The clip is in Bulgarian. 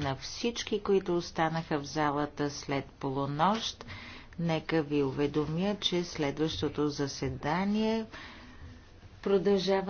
на всички, които останаха в залата след полунощ. Нека ви уведомя, че следващото заседание продължава